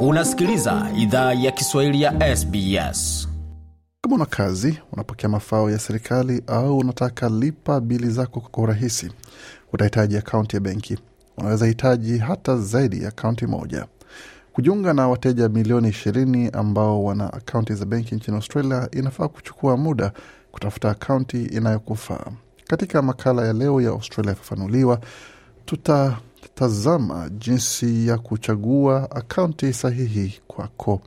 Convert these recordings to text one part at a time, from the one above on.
Unasikiliza idhaa ya Kiswahili ya SBS. Kama una kazi, unapokea mafao ya serikali au unataka lipa bili zako kwa urahisi, utahitaji akaunti ya benki. Unaweza hitaji hata zaidi ya akaunti moja. Kujiunga na wateja milioni ishirini ambao wana akaunti za benki nchini Australia, inafaa kuchukua muda kutafuta akaunti inayokufaa. Katika makala ya leo ya Australia Yafafanuliwa, tuta Tazama jinsi ya kuchagua akaunti sahihi kwako.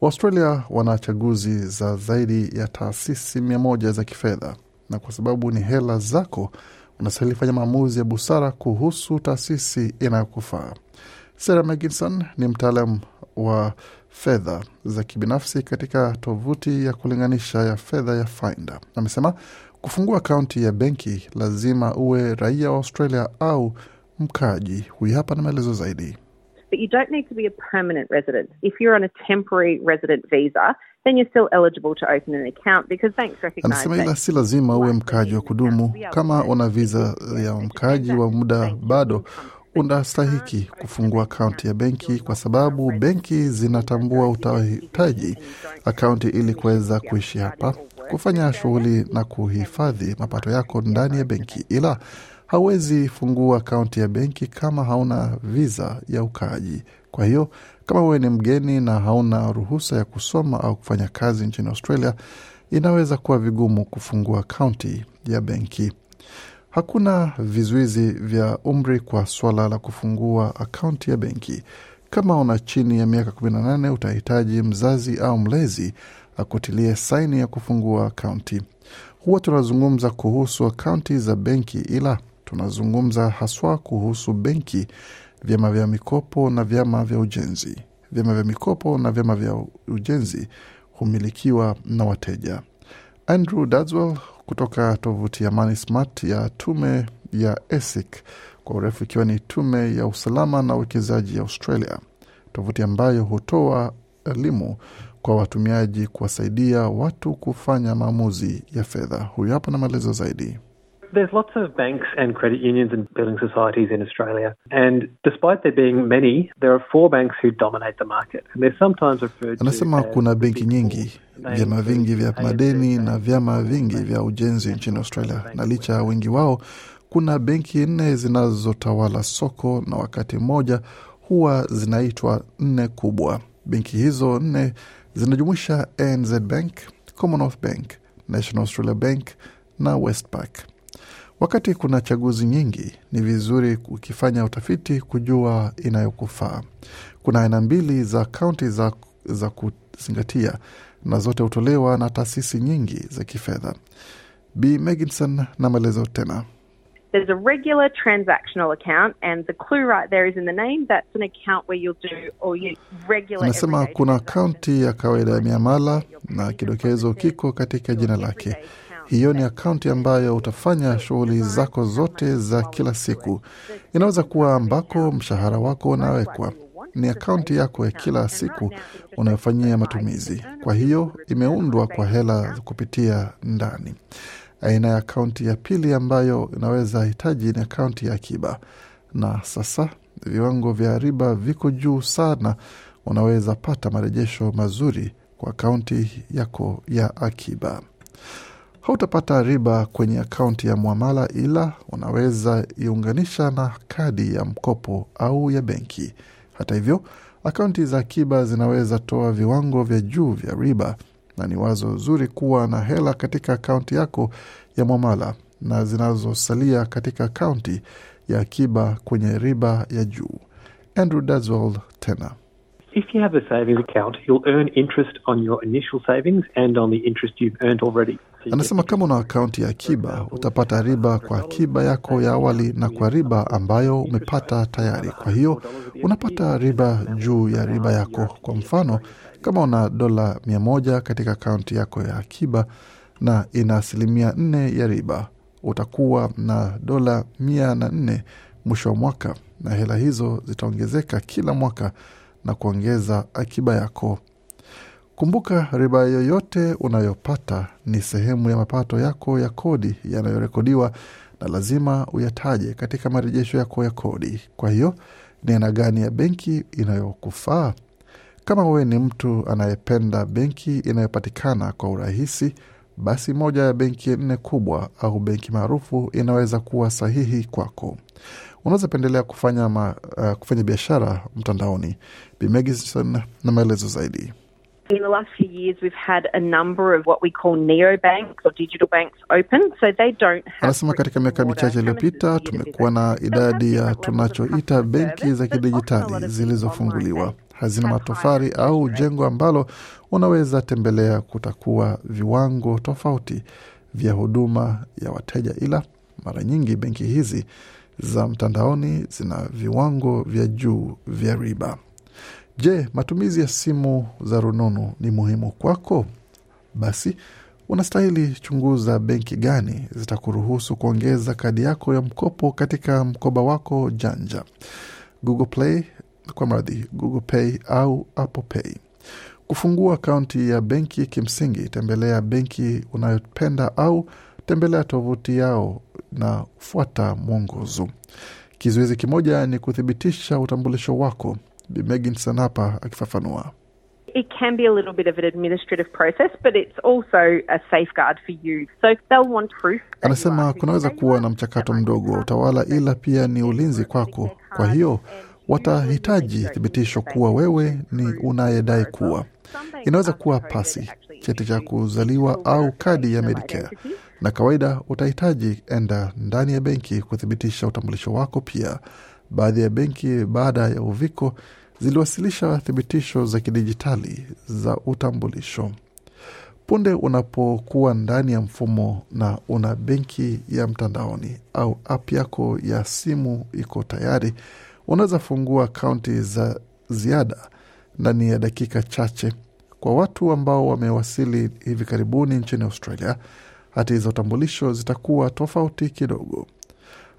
Waustralia wana chaguzi za zaidi ya taasisi mia moja za kifedha, na kwa sababu ni hela zako, unastahili fanya maamuzi ya busara kuhusu taasisi inayokufaa. Sarah Meginson ni mtaalam wa fedha za kibinafsi katika tovuti ya kulinganisha ya fedha ya Finder. Amesema kufungua akaunti ya benki lazima uwe raia wa Australia au mkaaji. Huyu hapa na maelezo zaidi. But you don't need to be a permanent resident. If you're on a temporary resident visa, then you're still eligible to open an account because banks recognize. Anasema ila si lazima uwe mkaaji wa kudumu. Kama una visa ya mkaaji wa muda, bado unastahiki kufungua akaunti ya benki, kwa sababu benki zinatambua utahitaji akaunti ili kuweza kuishi hapa, kufanya shughuli na kuhifadhi mapato yako ndani ya benki, ila hauwezi fungua akaunti ya benki kama hauna viza ya ukaaji. Kwa hiyo kama wewe ni mgeni na hauna ruhusa ya kusoma au kufanya kazi nchini Australia, inaweza kuwa vigumu kufungua akaunti ya benki. Hakuna vizuizi vya umri kwa swala la kufungua akaunti ya benki. Kama una chini ya miaka 18 utahitaji mzazi au mlezi akutilie saini ya kufungua akaunti. Huwa tunazungumza kuhusu akaunti za benki, ila Tunazungumza haswa kuhusu benki, vyama vya mikopo na vyama vya ujenzi. Vyama vya mikopo na vyama vya ujenzi humilikiwa na wateja. Andrew Dadswell kutoka tovuti ya Money Smart ya tume ya ESIC kwa urefu ikiwa ni tume ya usalama na uwekezaji ya Australia, tovuti ambayo hutoa elimu kwa watumiaji kuwasaidia watu kufanya maamuzi ya fedha. Huyu hapa na maelezo zaidi. There's lots of banks and credit unions and building societies in Australia. And despite there being many, there are four banks who dominate the market. And they're sometimes referred Anasema to kuna benki nyingi, vyama vingi vya madeni e, na vyama vingi vya ujenzi nchini Australia. Na licha ya wengi wao, kuna benki nne zinazotawala soko na wakati mmoja huwa zinaitwa nne kubwa. Benki hizo nne zinajumuisha ANZ Bank, Commonwealth Bank, National Australia Bank na Westpac. Wakati kuna chaguzi nyingi, ni vizuri ukifanya utafiti kujua inayokufaa. Kuna aina mbili za kaunti za, za kuzingatia na zote hutolewa na taasisi nyingi za kifedha. B Meginson na maelezo tena. There's a regular transactional account and the clue right there is in the name. That's an account where you'll do or you regular. Anasema kuna akaunti ya kawaida ya miamala na kidokezo kiko katika jina lake. Hiyo ni akaunti ambayo utafanya shughuli zako zote za kila siku. Inaweza kuwa ambako mshahara wako unawekwa ni akaunti yako ya kila siku unayofanyia matumizi. Kwa hiyo imeundwa kwa hela kupitia ndani. Aina ya akaunti ya pili ambayo inaweza hitaji ni akaunti ya akiba, na sasa viwango vya riba viko juu sana. Unaweza pata marejesho mazuri kwa akaunti yako ya akiba hautapata riba kwenye akaunti ya mwamala, ila unaweza iunganisha na kadi ya mkopo au ya benki. Hata hivyo, akaunti za akiba zinaweza toa viwango vya juu vya riba, na ni wazo zuri kuwa na hela katika akaunti yako ya mwamala na zinazosalia katika akaunti ya akiba kwenye riba ya juu. Andrew Daswell tena If you have a savings account, you'll earn interest on your initial savings and on the interest you've earned already. Anasema kama una akaunti ya akiba utapata riba kwa akiba yako ya awali na kwa riba ambayo umepata tayari. Kwa hiyo unapata riba juu ya riba yako. Kwa mfano, kama una dola mia moja katika akaunti yako ya akiba na ina asilimia nne ya riba, utakuwa na dola mia na nne mwisho wa mwaka, na hela hizo zitaongezeka kila mwaka na kuongeza akiba yako Kumbuka riba yoyote unayopata ni sehemu ya mapato yako ya kodi yanayorekodiwa na lazima uyataje katika marejesho yako ya kodi. Kwa hiyo ni aina gani ya benki inayokufaa? Kama wewe ni mtu anayependa benki inayopatikana kwa urahisi, basi moja ya benki nne kubwa au benki maarufu inaweza kuwa sahihi kwako. Unaweza pendelea kufanya, uh, kufanya biashara mtandaoni. Bimegison na maelezo zaidi. In the last few years, we've had a number of what we call banks or digital banks open, so they don't have. Anasema katika miaka michache iliyopita tumekuwa na idadi ya tunachoita benki za kidijitali zilizofunguliwa hazina matofari au jengo ambalo unaweza tembelea. Kutakuwa viwango tofauti vya huduma ya wateja, ila mara nyingi benki hizi za mtandaoni zina viwango vya juu vya riba. Je, matumizi ya simu za rununu ni muhimu kwako? Basi unastahili chunguza benki gani zitakuruhusu kuongeza kadi yako ya mkopo katika mkoba wako janja, Google Play kwa mradhi Google Pay au Apple Pay. Kufungua akaunti ya benki, kimsingi tembelea benki unayopenda au tembelea tovuti yao na fuata mwongozo. Kizuizi kimoja ni kuthibitisha utambulisho wako. Bi hapa akifafanua. It can be a little bit of an administrative process, but it's also a safeguard for you. So they'll want proof. Anasema kunaweza kuwa na mchakato mdogo wa utawala, ila pia ni ulinzi kwako. Kwa hiyo watahitaji thibitisho kuwa wewe ni unayedai kuwa. Inaweza kuwa pasi, cheti cha kuzaliwa au kadi ya Medicare na kawaida utahitaji enda ndani ya benki kuthibitisha utambulisho wako pia. Baadhi ya benki baada ya uviko ziliwasilisha thibitisho za kidijitali za utambulisho. Punde unapokuwa ndani ya mfumo na una benki ya mtandaoni au app yako ya simu iko tayari, unaweza fungua akaunti za ziada ndani ya dakika chache. Kwa watu ambao wamewasili hivi karibuni nchini Australia, hati za utambulisho zitakuwa tofauti kidogo.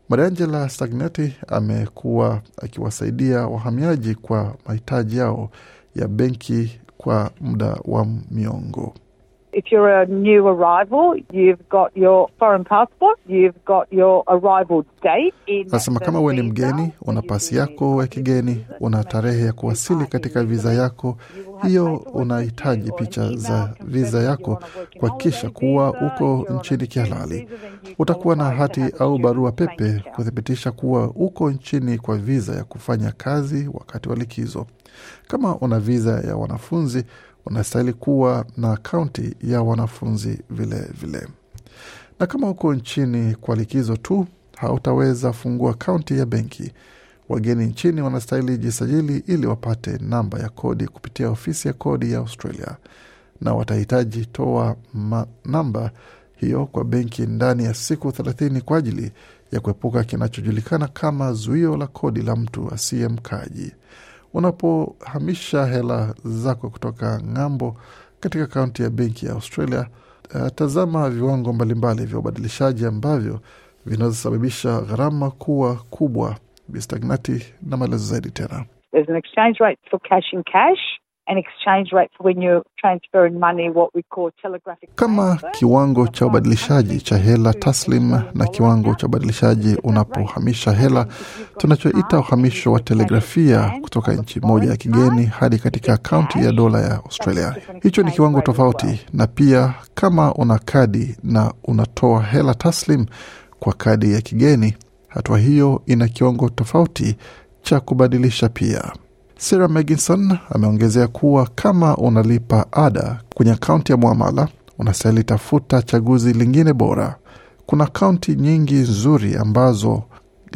Mariangela Stagnati amekuwa akiwasaidia wahamiaji kwa mahitaji yao ya benki kwa muda wa miongo. If you're a new arrival, you've got your foreign passport, you've got your arrival date. Nasema kama wewe ni mgeni, una pasi yako ya kigeni, una tarehe ya kuwasili katika viza yako hiyo, unahitaji picha za viza yako kuhakikisha kuwa uko nchini kihalali. Utakuwa na hati au barua pepe kuthibitisha kuwa uko nchini kwa viza ya kufanya kazi wakati wa likizo. Kama una viza ya wanafunzi wanastahili kuwa na akaunti ya wanafunzi vilevile vile. Na kama huko nchini kwa likizo tu, hautaweza fungua akaunti ya benki. Wageni nchini wanastahili jisajili ili wapate namba ya kodi kupitia ofisi ya kodi ya Australia, na watahitaji toa namba hiyo kwa benki ndani ya siku thelathini kwa ajili ya kuepuka kinachojulikana kama zuio la kodi la mtu asiye mkaaji. Unapohamisha hela zako kutoka ng'ambo katika akaunti ya benki ya Australia, uh, tazama viwango mbalimbali vya ubadilishaji ambavyo vinazosababisha gharama kuwa kubwa. Bistagnati na maelezo zaidi tena. There's an exchange rate for cash in cash. Kama kiwango cha ubadilishaji cha hela taslim na kiwango cha ubadilishaji unapohamisha hela, tunachoita uhamisho wa telegrafia kutoka nchi moja ya kigeni hadi katika akaunti ya dola ya Australia. Hicho ni kiwango tofauti, na pia kama una kadi na unatoa hela taslim kwa kadi ya kigeni, hatua hiyo ina kiwango tofauti cha kubadilisha pia. Sarah Meginson ameongezea kuwa kama unalipa ada kwenye akaunti ya mwamala, unastahili tafuta chaguzi lingine bora. Kuna akaunti nyingi nzuri ambazo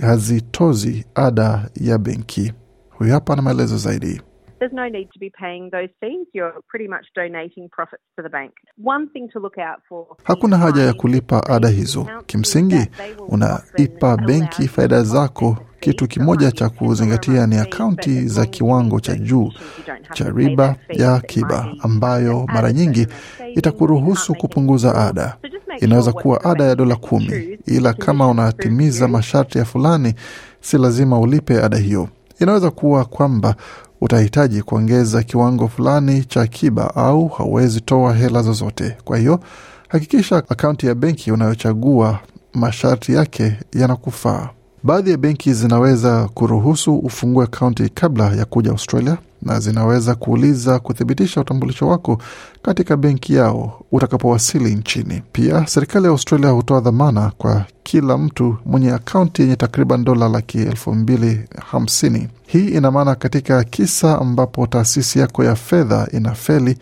hazitozi ada ya benki. Huyu hapa na maelezo zaidi. There's no need to be paying those fees. You're pretty much donating profits to the bank. One thing to look out for. Hakuna haja ya kulipa ada hizo. Kimsingi, unaipa benki faida zako kitu kimoja cha kuzingatia ni akaunti za kiwango cha juu cha riba ya akiba, ambayo mara nyingi itakuruhusu kupunguza ada. Inaweza kuwa ada ya dola kumi, ila kama unatimiza masharti ya fulani, si lazima ulipe ada hiyo. Inaweza kuwa kwamba utahitaji kuongeza kiwango fulani cha akiba au hauwezi toa hela zozote. Kwa hiyo hakikisha akaunti ya benki unayochagua masharti yake yanakufaa. Baadhi ya benki zinaweza kuruhusu ufungue akaunti kabla ya kuja Australia na zinaweza kuuliza kuthibitisha utambulisho wako katika benki yao utakapowasili nchini. Pia serikali ya Australia hutoa dhamana kwa kila mtu mwenye akaunti yenye takriban dola laki elfu mbili hamsini. Hii ina maana katika kisa ambapo taasisi yako ya fedha ina feli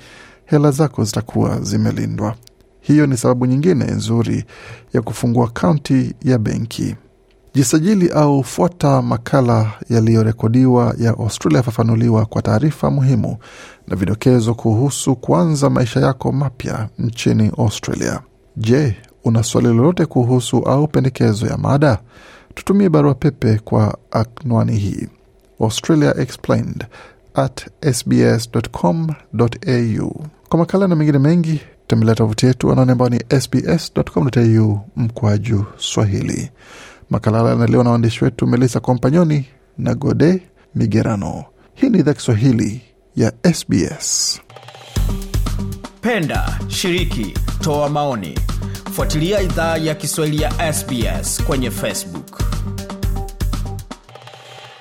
hela zako zitakuwa zimelindwa. Hiyo ni sababu nyingine nzuri ya kufungua akaunti ya benki. Jisajili au fuata makala yaliyorekodiwa ya Australia Fafanuliwa kwa taarifa muhimu na vidokezo kuhusu kuanza maisha yako mapya nchini Australia. Je, una swali lolote kuhusu au pendekezo ya mada? Tutumie barua pepe kwa anwani hii Australia Explained at sbs.com.au. Kwa makala na mengine mengi tembelea tovuti yetu anaone ambao ni sbs.com.au mkwaju Swahili. Makala yanaliwa na waandishi wetu Melissa Kompanyoni na Gode Migerano. Hii ni idhaa Kiswahili ya SBS. Penda, shiriki, toa maoni, fuatilia idhaa ya Kiswahili ya SBS kwenye Facebook.